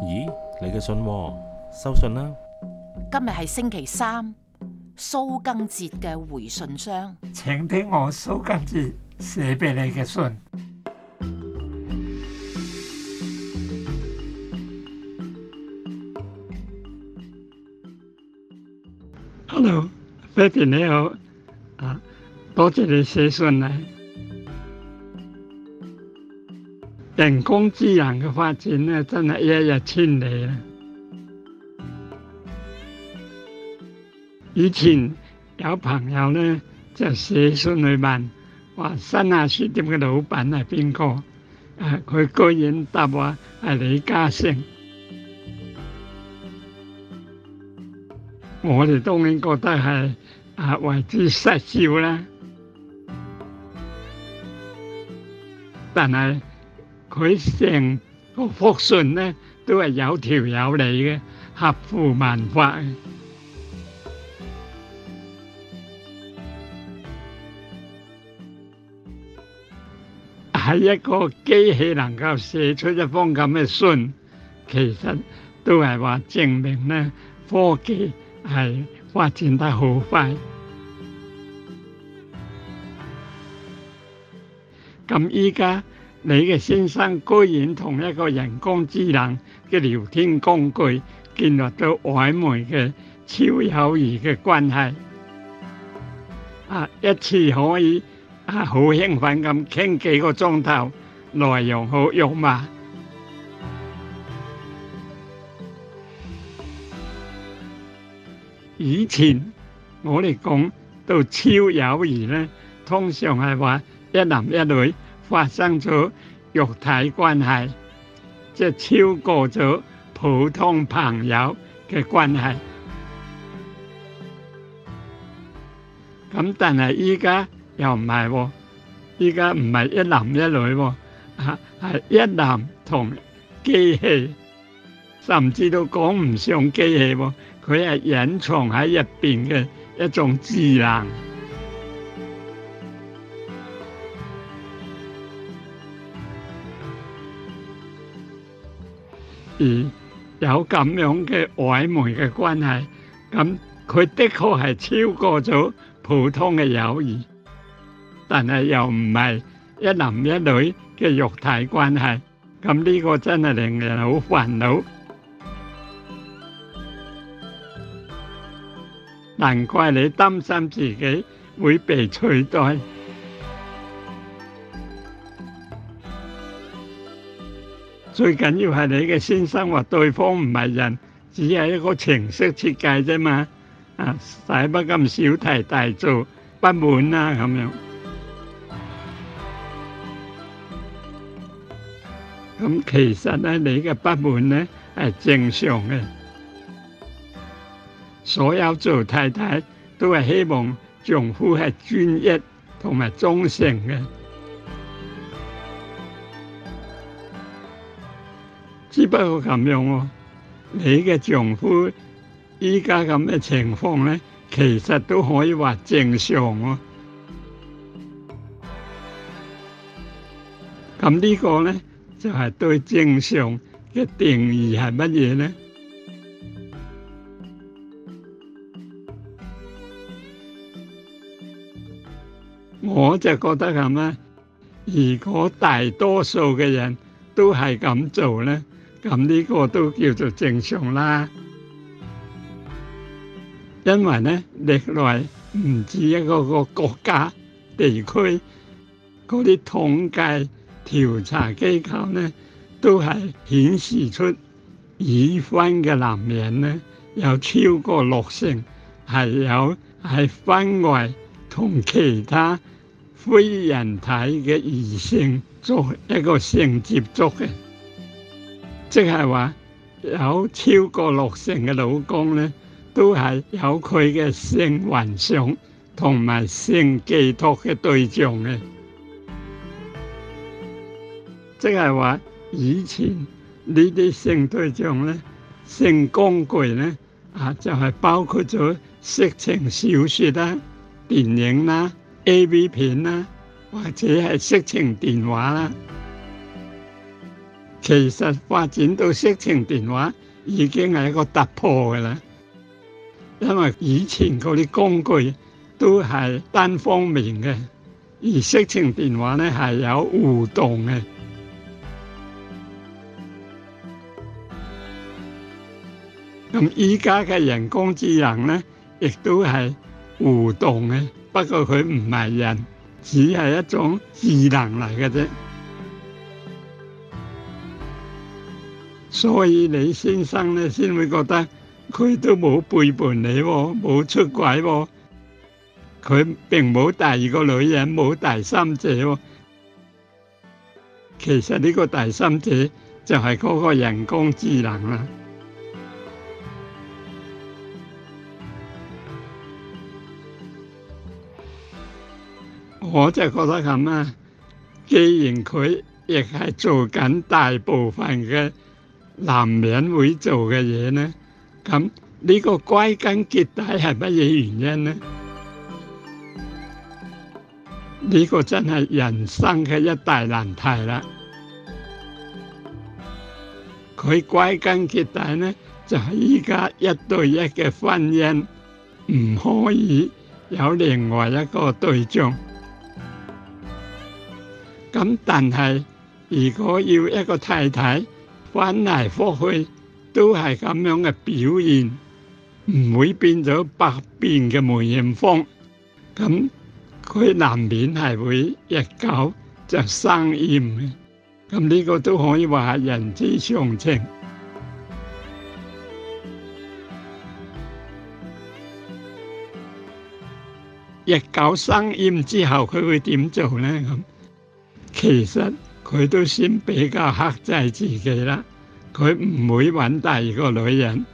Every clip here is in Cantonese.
咦，你嘅信，收信啦！今日係星期三，蘇賡哲嘅回信箱，請聽我蘇賡哲寫俾你嘅信。Hello，Baby，你好，啊，多謝你寫信嚟。人工智能嘅發展咧，真係一日千里啦！以前有朋友咧，就寫信嚟問話新亞書店嘅老闆係邊個？誒，佢居然答話係李嘉誠。我哋當然覺得係啊，為之失笑啦。但係，佢成個復信呢都係有條有理嘅，合乎文法。係、啊、一個機器能夠寫出一封咁嘅信，其實都係話證明呢科技係發展得好快。咁而家。你嘅先生居然同一個人工智能嘅聊天工具建立到曖昧嘅超友誼嘅關係，啊！一次可以啊好興奮咁傾幾個鐘頭，內容好肉麻。以前我哋講到超友誼咧，通常係話一男一女，發生咗肉體關係，即係超過咗普通朋友嘅關係。咁但係依家又唔係喎，依家唔係一男一女喎，係係一男同機器，甚至都講唔上機器喎，佢係隱藏喺入邊嘅一種智能。而有咁樣嘅曖昧嘅關係，咁佢的確係超過咗普通嘅友誼，但係又唔係一男一女嘅肉體關係，咁呢個真係令人好煩惱。難怪你擔心自己會被取代。最緊要係你嘅先生話對方唔係人，只係一個程式設計啫嘛。啊，使乜咁小題大做，不滿啦咁樣。咁其實呢，你嘅不滿呢係正常嘅。所有做太太都係希望丈夫係專一同埋忠誠嘅。只不過咁樣喎，你嘅丈夫而家咁嘅情況咧，其實都可以話正常喎。咁呢個咧就係對正常嘅定義係乜嘢咧？我就覺得咁咧，如果大多數嘅人都係咁做咧。咁呢個都叫做正常啦，因為呢歷來唔止一個個國家地區嗰啲統計調查機構呢，都係顯示出已婚嘅男人呢有超過六成係有喺婚外同其他非人體嘅異性作一個性接觸嘅。即係話有超過六成嘅老公咧，都係有佢嘅性幻想同埋性寄託嘅對象嘅。即係話以前呢啲性對象咧、性工具咧，啊就係、是、包括咗色情小說啦、電影啦、啊、AV 片啦、啊，或者係色情電話啦、啊。其實發展到色情電話已經係一個突破㗎喇，因為以前嗰啲工具都係單方面嘅，而色情電話呢係有互動嘅。咁依家嘅人工智能呢，亦都係互動嘅，不過佢唔係人，只係一種智能嚟嘅啫。所以李先生呢，先會覺得佢都冇背叛你喎、哦，冇出軌喎、哦，佢並冇第二個女人，冇第三者喎、哦。其實呢個第三者就係嗰個人工智能啦。我就係覺得咁啊，既然佢亦係做緊大部分嘅。男人會做嘅嘢，呢？咁呢個歸根結底係乜嘢原因呢？呢個真係人生嘅一大難題啦！佢歸根結底呢，就係依家一對一嘅婚姻唔可以有另外一個對象。咁但係如果要一個太太，翻嚟覆去都係咁樣嘅表現，唔會變咗百變嘅梅艷芳，咁佢難免係會日久就生厭嘅。咁呢個都可以話係人之常情。日久生厭之後，佢會點做呢？咁其實。佢都先比較克制自己啦，佢唔會揾第二個女人，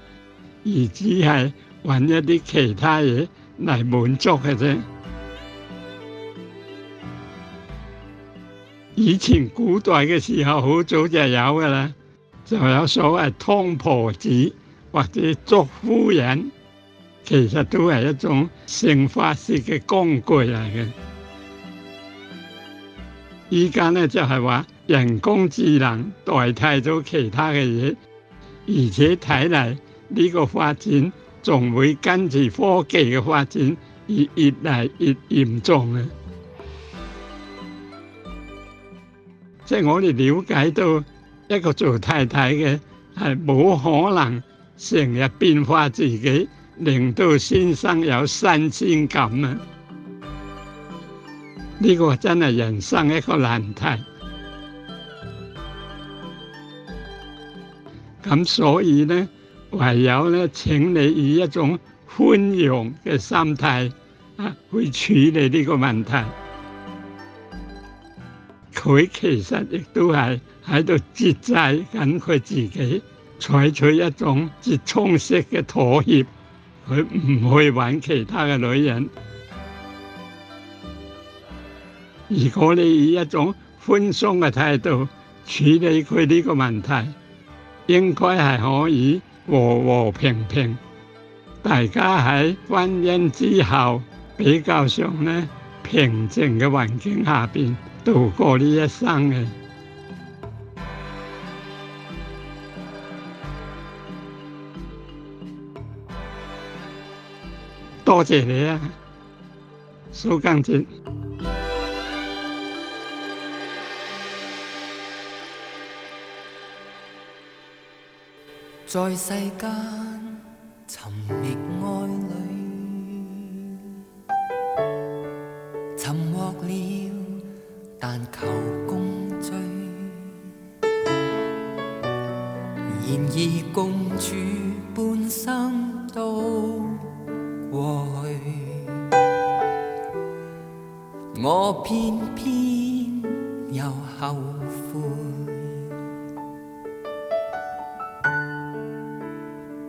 而只係揾一啲其他嘢嚟滿足嘅啫。以前古代嘅時候，好早就有嘅啦，就有所謂湯婆子或者竹夫人，其實都係一種性發泄嘅工具嚟嘅。依家咧就係、是、話人工智能代替咗其他嘅嘢，而且睇嚟呢個發展仲會跟住科技嘅發展而越嚟越嚴重。即係我哋了解到一個做太太嘅係冇可能成日變化自己，令到先生有新鮮感啊！呢個真係人生一個難題，咁所以咧，唯有咧，請你以一種寬容嘅心態啊，去處理呢個問題。佢 其實亦都係喺度節制緊佢自己，採取一種折衷式嘅妥協，佢唔去揾其他嘅女人。如果你以一種寬鬆嘅態度處理佢呢個問題，應該係可以和和平平，大家喺婚姻之後比較上咧平靜嘅環境下邊度過呢一生嘅。 多謝你啊，蘇賡哲。在世間尋覓。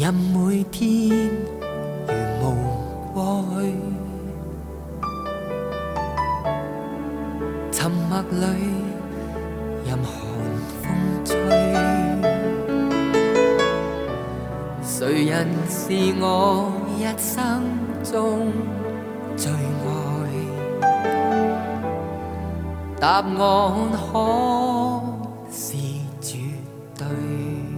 任每天如霧過去，沉默裏任寒風吹。誰人是我一生中最愛？答案可是絕對。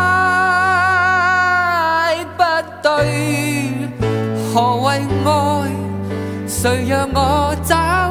何謂愛？誰讓我找？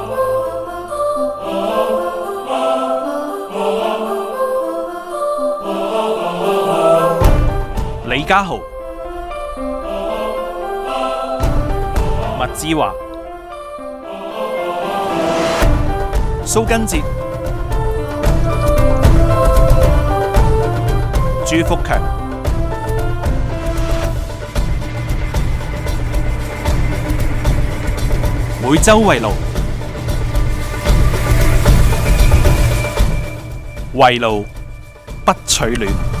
李家豪、麥志華、蘇賡哲、朱福強，每周為路，為路不取暖。